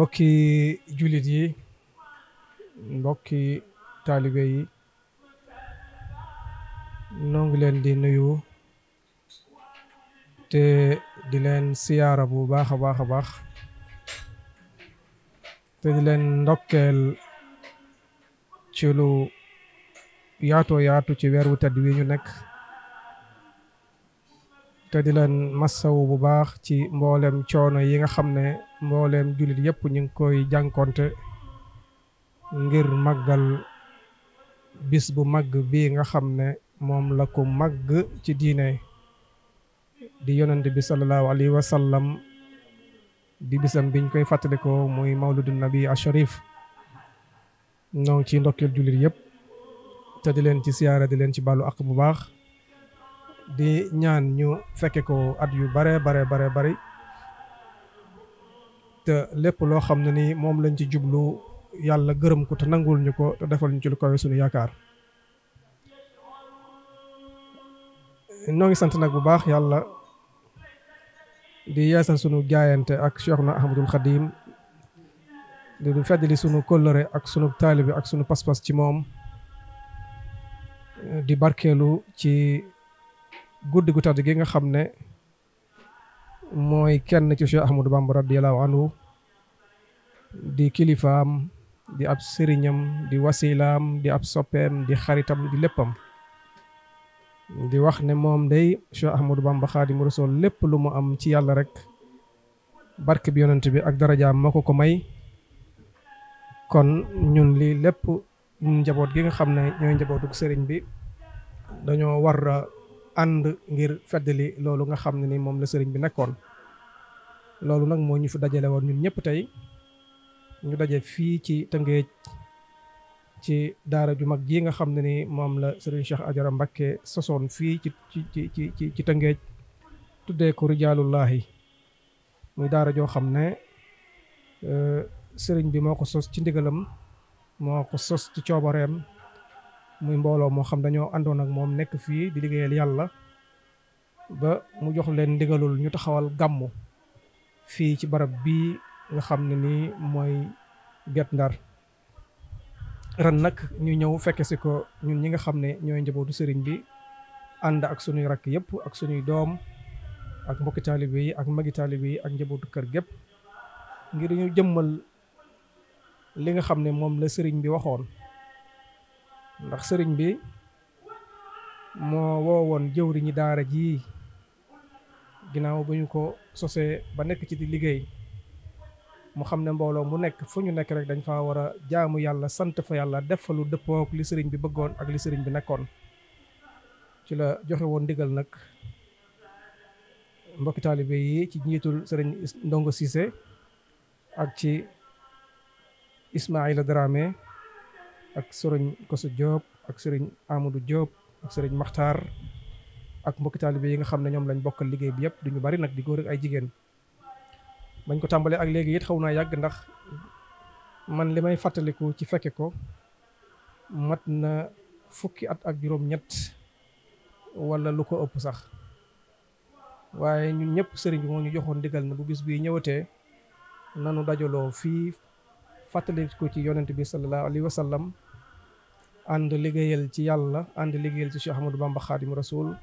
bokki julit yi mbokki taalibe yi noo ngi leen di nuyu te di leen siyaara bu baax a baax a baax te di leen ndokkeel ci lu yaatoo yaatu ci weer wu tedd wi nekk te di leen massawu bu baax ci mboolem coono yi nga xam ne mbooleem jullit yëpp ñu ngi koy jànkonte ngir màggal bis bu màgg bii nga xam ne moom la ko màgg ci diine di yonent bi sallallahu alayhi wa sallam di bisam biñ koy fàttalikoo muy mawludu nabi asharif ñoo ci ndokkeel jullit yëpp te di leen ci siyaara di leen ci baalu ak bu baax di ñaan ñu fekke ko at yu bare bare bare bari te lépp loo xam ne nii moom lañ ci jublu yàlla gërëm ko te nangul ñu ko te defal ñu ci lu kawe sunu yaakaar ñoo ngi sant nag bu baax yàlla di yeesal sunu jaayante ak Cheikhuna Ahmadul Xadim di du feddali sunu kóllëre ak sunu taalibe ak sunu pas-pas ci moom di barkeelu ci guddi gu tàdd gi nga xam ne mooy kenn ci Cheikh Ahmadou Bamba radiyallahu anhu di kilifaam di ab sëriñam di wasilaam di ab soppeem di xaritam di léppam di wax ne moom day Cheikh Ahmadou Bamba Xaadimu Rasuul lépp lu mu am ci yàlla rek bark bi yonent bi ak darajaa ma ko ko may kon ñun lii lépp njaboot gi nga xam ne ñooy njabootuk sëriñ bi dañoo war and ngir feddali loolu nga xamni ni mom la sëriñ bi nekkon loolu nak mo ñu fi dajale won ñun ñëpp tay ñu dajé fi ci tangé ci daara ju mag gi nga xamni ni mom la sëriñ Cheikh Ajara Mbakke sosoon fi ci ci ci ci ci tangé tuddé ko muy daara jo xamné euh sëriñ bi moko sos ci ndigalam moko sos ci muy mbooloo moo xam dañoo àndoon ak moom nekk fii di liggéeyal yàlla ba mu jox leen ndigalul ñu taxawal gàmmu fii ci barab bii nga xam ne nii mooy Guet Ndar ren nag ñu ñëw fekke si ko ñun ñi nga xam ne ñooy njabootu sëriñ bi ànd ak sunuy rakk yëpp ak sunuy doom ak mbokki taalibe yi ak magi taalibe yi ak njabootu kër gépp ngir ñu jëmmal li nga xam ne moom la sëriñ bi waxoon ndax sëriñ bi moo woowoon jëwriñi daara jii ginnaaw ba ñu ko sosee ba nekk ci di liggéey mu xam ne mbooloo mu nekk fu ñu nekk rek dañ faa war a jaamu yàlla sant fa yàlla def fa li sëriñ bi bëggoon ak li sëriñ bi nekkoon ci la joxe woon ndigal nag mbokki taalibe yi ci njiitul sëriñ Ndongo Cissé ak ci Ismaïla Dramé ak sëriñ Koso Diop ak sëriñ amadu Diop ak sëriñ Maxtaar ak mbokki taalibe yi nga xam ne ñoom lañ bokkal liggéey bi yëpp duñu bari nag di góor ak ay jigéen bañ ko tàmbalee ak léegi xaw naa yàgg ndax man li may fàttaliku ci fekke ko mat na fukki at ak juróom-ñett wala lu ko ëpp sax waaye ñun ñëpp sëriñ bi moo ñu joxoon ndigal na bu bis bii ñëwatee nanu dajaloo fii fàttali ko ci yonent bi sallallahu alayhi wa sallam ànd liggéeyal ci yàlla ànd liggéeyal ci Cheikh Ahmadou Bamba khadim rasoul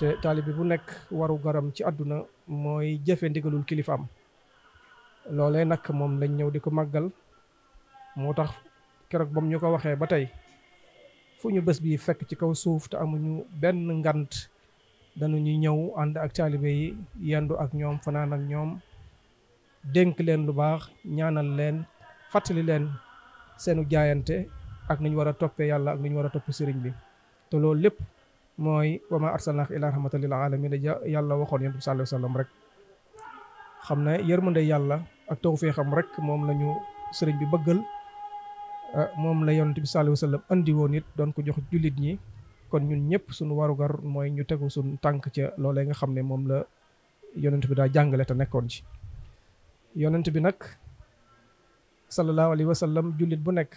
te taalibe bu nekk waru garam ci àdduna mooy jëfe ndigalul kilifaam loolee nag moom lañ ñëw di ko màggal moo tax keroog bam ñu ko waxee ba tey fu ñu bés bi fekk ci kaw suuf te amuñu benn ngant ñëw ànd ak taalibe yi yendu ak ñoom fanaan ak ñoom dénk leen lu baax ñaanal leen fatali lilan senu jaayante ak niñ wara topé yalla ak niñ wara top a bi to lol lepp moy wama ma ila rahmatan lil alamin yàlla waxoon yonent sallallahu alayhi wasallam rek xam ne yalla ak tawfeexam rek mom lañu sëriñ bi bëggal ah, mom la sallallahu alayhi wasallam andi wonit nit don ko jox julit ñi kon ñun ñepp suñu gar moy ñu teggu suñu tank ci lolé nga xamné mom la yonent bi da ta nekkon ci yonent bi nak sallallahu alaihi wasallam julit bu nek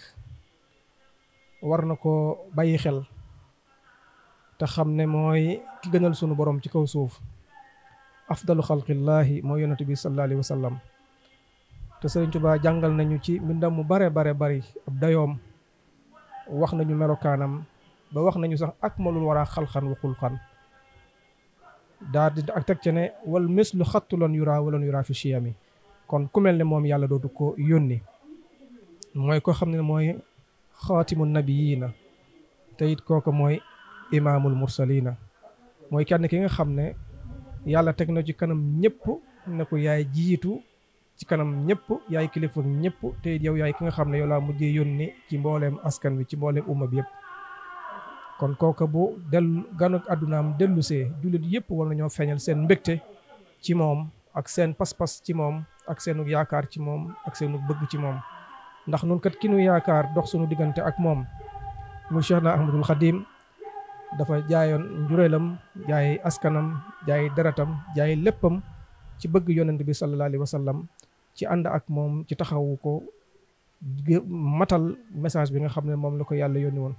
war na ko bàyyi xel te xamne moy ki gënal sunu borom ci kaw suuf afdalu khalqillahi moy yonent bi sallallahu alaihi wasallam sallam te Sëriñ Tuubaa nañu ci mindam mu bare bare bari ab dayom wax nañu melokanam ba wax nañu sax akmalul wara xalxan wa xulxan daa di ak tek ci ne wal mislu xattu yura walun walan fi shiyami kon ku melni mom yalla ko yónni mooy ko xam ne mooy xaatimu nabiyiina na it kooku mooy imaamul mursaliina mooy kenn ki nga xam ne yàlla teg na ci kanam ñëpp ne ko yaay jiitu ci kanam ñëpp yaay kilifa ñëpp te it yaay ki nga xam ne yow laa mujjee yónni ci mbooleem askan wi ci mbooleem umma bi yëpp kon kooka bu del ganuk àddunaam dellu see jullit yëpp war nañoo feeñal seen mbégte ci moom ak seen pas-pas ci moom ak seenu yaakaar ci moom ak seenu bëgg ci moom ndax nun kat ki nu yaakaar dox sunu diggante ak moom mu Cheikh na Ahmadul Xadim dafa jaayoon njureelam jaay askanam jaay deratam jaay léppam ci bëgg yonent bi sallallahu alayhi wa sallam ci ànd ak moom ci taxawu ko matal message bi nga xam ne moom la ko yàlla yónni woon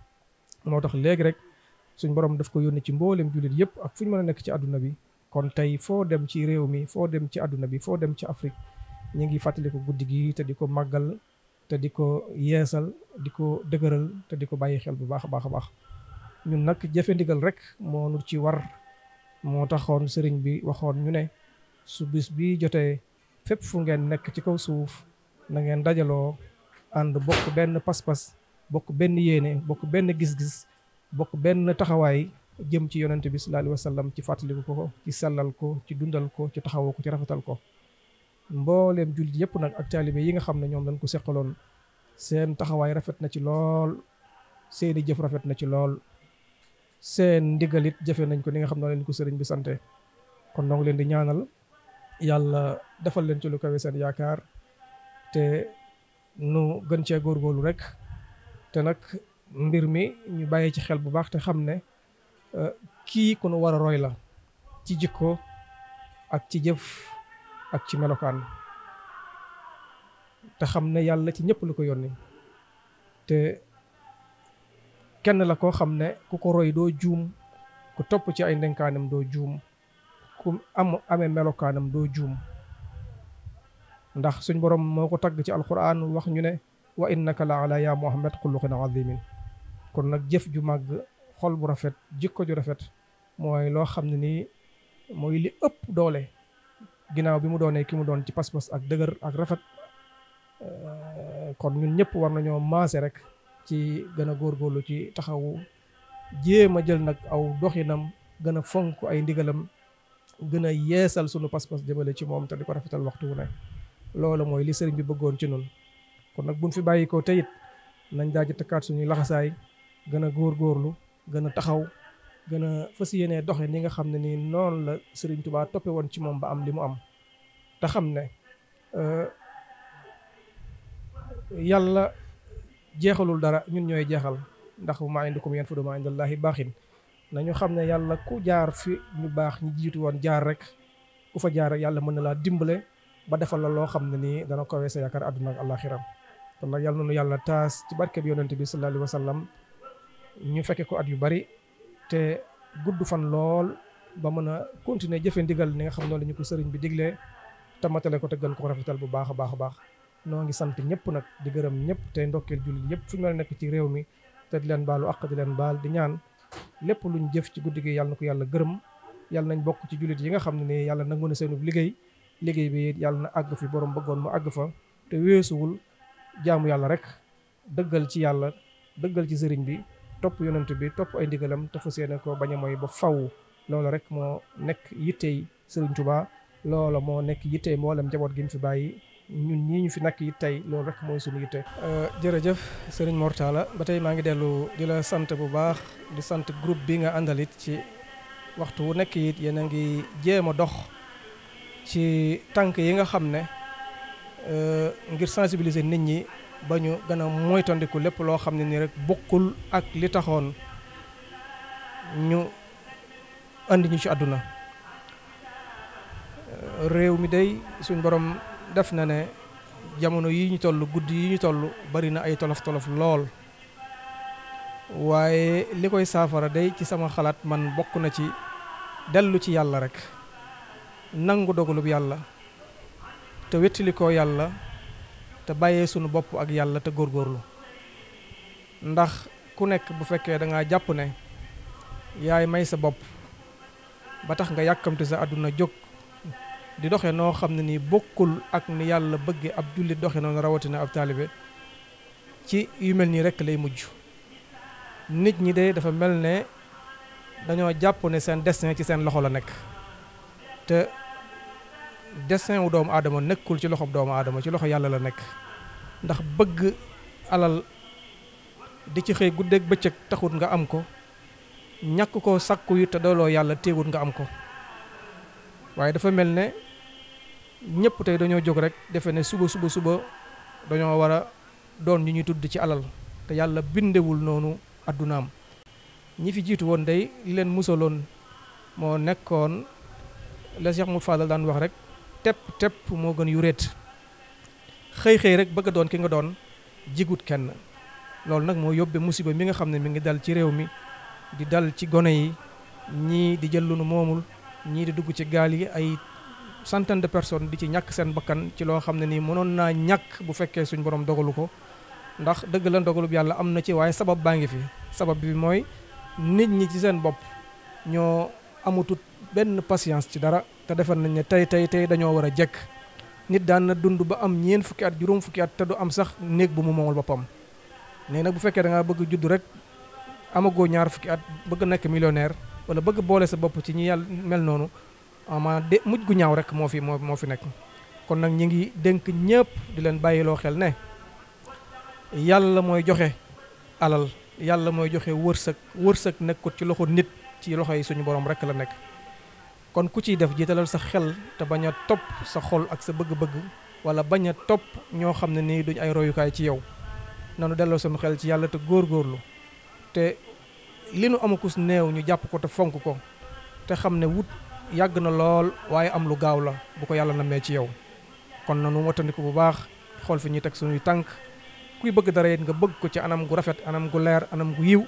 moo tax léegi rek suñ borom daf ko yónni ci mbooleem jullit yëpp ak fu ñu mën a nekk ci àdduna bi kon tey foo dem ci réew mi foo dem ci àdduna bi foo dem ci Afrique ñu ngi fàttaliku guddi gi te di ko màggal te di ko yeesal di ko dëgëral te di ko bàyyi xel bu baax a baax a baax ñun nag jëfe rek moo nu ci war moo taxoon sëriñ bi waxoon ñu ne su bis bi jotee fépp fu ngeen nekk ci kaw suuf na ngeen dajaloo ànd bokk benn pas-pas bokk benn yéene bokk benn gis-gis bokk benn taxawaay jëm ci yonent bi sallallahu alayhi wa ci fàttaliku ko ci sellal ko ci dundal ko ci taxawoo ko ci rafetal ko mbooleem julit yep nak ak talibé yi nga xamné ñom dañ ko sékkalon seen taxaway rafet na ci lool seeni jëf rafet na ci lool seen ndigalit jëfé nañ ko ni nga xamné lañ ko sëriñ bi santé kon leen di ñaanal yalla defal leen ci lu kawé seen yaakar te nu gën gor golu rek té nak mbir mi ñu bayé ci xel bu baax te xamné euh, ki ko nu wara roy la ci jikko ak ci jëf ak ci melokaan te xam ne yàlla ci ñëpp lu ko yónni te kenn la koo xam ne ku ko roy doo juum ku topp ci ay ndenkaanam doo juum ku am amee melokaanam doo juum ndax suñ borom moo ko tagg ci alquran wax ñu ne wa innaka la ala ya muhammad waa azimin kon nag jëf ju màgg xol bu rafet jikko ju rafet mooy loo xam ne nii mooy li ëpp doole ginnaaw bi mu doonee ki mu doon ci pas-pas ak dëgër ak rafet euh, kon ñun ñëpp war nañoo maase rek ci gën a góor góorlu ci taxawu jéem a jël nag aw doxinam gën a fonk ay ndigalam gën a yeesal sunu pas-pas jëmale ci moom te di ko rafetal waxtu wu ne loolu mooy li sëriñ bi bëggoon ci nun kon nag buñ fi bàyyi te teyit nañ daa ji takkaat suñuy laxasaay gën a góor góorlu gën a taxaw gën a fas yéenee doxe ni nga xam ne ni noonu la Serigne Touba toppe woon ci moom ba am li mu am te xam ne euh, yàlla jeexalul dara ñun ñooy jeexal ndax maa indikum yanfadu maa indallaahi baaxin nañu xam ne yàlla ku jaar fi ñu baax ñu jiitu woon jaar rek ku fa jaar yàlla mën na laa dimbale ba defal la loo xam ne nii dana ko weesoo yaakaar àdduna ak kon nag yàlla na yàlla taas ci barkeb yonent bi sallallaahu alayhi ñu fekke ko at yu bari te gudd fan lool ba mën a continuer jëfe ndigal ni nga xam noonu la ñu ko sëriñ bi diglee te matale ko te gën koo rafetal bu baax a baax a baax noo ngi sant ñëpp nag di gërëm ñëpp te ndokkeel jullit yëpp fu ñu nekk ci réew mi te di leen baalu àq di leen baal di ñaan lépp lu luñ jëf ci guddi gi yàlla na ko yàlla gërëm yàlla nañ bokk ci jullit yi nga xam ne ni yàlla nangu na seenub liggéey liggéey bi yàlla na àgg fi borom bëggoon mu àgg fa te weesuwul jaamu yàlla rek dëggal ci yàlla dëggal ci sëriñ bi top yonent bi top ay ndigalam te fas yéene ko baña moy ba faw lolo rek mo nek yittey Serigne Touba lolo mo nek yittey mboolem njaboot gi mu fi bayyi ñun ñi ñu fi nak yi tey loolu rek moy suñu yitte. Eh, jërëjëf serigne Mortala batay ma ngi delu di la sante bu baax di sante groupe bi nga andalit ci waxtu wu nek yit yéen ngi jema dox ci tank yi nga xamne ne eh, ngir sensibiliser nit ñi ba ñu gën moytandiku lépp loo xam ne ni rek bokkul ak li taxoon ñu andi ñu ci àdduna réew mi day suñ boroom def na ne jamono yi ñu toll guddi yi ñu toll bari na ay tolof tolof lool waaye li koy saafara day ci sama xalaat man bokk na ci dellu ci yàlla rek nangu dogalub yàlla te wettili ko yàlla te bàyyee sunu bopp ak yàlla te góorgóorlu ndax ku nekk bu fekkee dangaa jàpp ne yaay may sa bopp ba tax nga yàkkamte sa àdduna jóg di doxe noo xam ne nii bokkul ak ni yàlla bëgge ab jullit doxe noonu rawatina ab taalibe ci yu mel nii rekk lay mujj nit ñi de dafa mel ne dañoo jàpp ne seen destin ci seen loxo la nekk te destin wu doomu aadama nekkul ci loxob doomu aadama ci loxo yàlla la nekk ndax bëgg alal di ci xëy guddeeg bëccëg taxut nga am ko ñàkk ko sàkku yi te dooloo yàlla téewut nga am ko waaye dafa mel ne ñëpp tey dañoo jóg rek defe ne suba suba suba dañoo war a doon ñu ñuy tudd ci alal te yàlla bindewul noonu àddunaam ñi fi jiitu woon day li leen musaloon moo nekkoon la Cheikh Mout Fadal daan wax rek Tep-tep mo gën rét xey xey rek bëgg doon ki nga doon jigut kenn loolu nag moo yóbbee musiba mi nga xam ne mi ngi dal ci réew mi di dal ci gone yi ñii di jël lu nu moomul ñii di dugg ci gaal yi ay centaine de personnes di ci ñàkk seen bakkan ci loo xam ne nii mënoon naa ñàkk bu fekkee suñ borom dogalu ko ndax dëgg la dogalub yàlla am na ci waaye sabab baa ngi fi sabab bi mooy nit ñi ci seen bopp ñoo amutut benn patience ci dara te defal nañ ne tey tey tey dañoo war a jekk nit daan na dund ba am ñeen fukki at juróom fukki at te du am sax néeg bu mu moomul boppam nee nag bu fekkee da ngaa bëgg judd rek amagoo ñaar fukki at bëgg nekk millionnaire wala bëgg boole sa bopp ci ñi yàlla mel noonu ama de mujj gu ñaaw rek moo fi moo moo fi nekk kon nag ñi ngi dénk ñëpp di leen bàyyiloo xel ne yàlla mooy joxe alal yàlla mooy joxe wërsëg wërsëg nekkut ci loxo nit ci loxo suñu borom rek la nekk kon ku ciy def jiitalal sa xel te bañ a topp sa xol ak sa bëgg-bëgg wala bañ a topp ñoo xam ne nii duñ ay royukaay ci yow nanu delloo suñu xel ci yàlla te góorgóorlu te li nu amakus néew ñu jàpp ko te fonk ko te xam ne wut yàgg na lool waaye am lu gaaw la bu ko yàlla mee ci yow kon nanu wattandiku bu baax xool fi ñuy teg suñuy tànk kuy bëgg dara it nga bëgg ko ci anam gu rafet anam gu leer anam gu yiw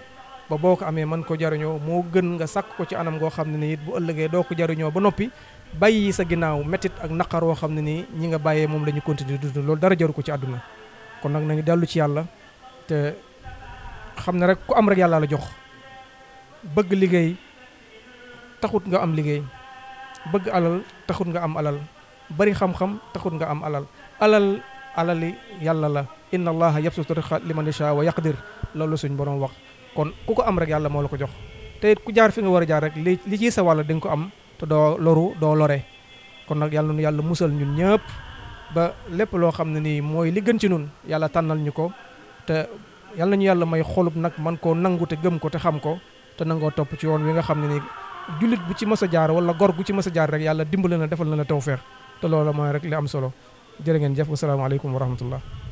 ba boo ko amee man ko jariñoo moo gën nga sàkk ko ci anam goo xam ne nii it bu ëllëgee doo ko jariñoo ba noppi bàyyi sa ginnaaw métit ak naqar woo xam ne nii ñi nga bàyyee moom la ñu continuer dund loolu dara jaru ko ci àdduna kon nag nañu dellu ci yàlla te xam ne rek ku am rek yàlla la jox bëgg liggéey taxut nga am liggéey bëgg alal taxut nga am alal bari xam-xam taxut nga am alal alal alali yàlla la inna allaha yabsutu rizqa liman yashaa wa yaqdir loolu suñ boroom wax kon ku ko am rek yàlla moo la ko jox te it ku jaar fi nga war a jaar rek li li ciy sa wàll di ko am te doo loru doo lore kon nag yàlla nu yàlla musal ñun ñëpp ba lépp loo xam ne nii mooy li gën ci nun yàlla tànnal ñu ko te yàlla ñu yàlla may xolub nag man koo nangu te gëm ko te xam ko te nangoo topp ci yoon wi nga xam ne nii jullit bu ci mës a jaar wala gor gu ci mës a jaar rek yàlla dimbale na defal na la tawféex te loolu mooy rek li am solo jërë ngeen jëf wasalaamaaleykum wa rahmatullah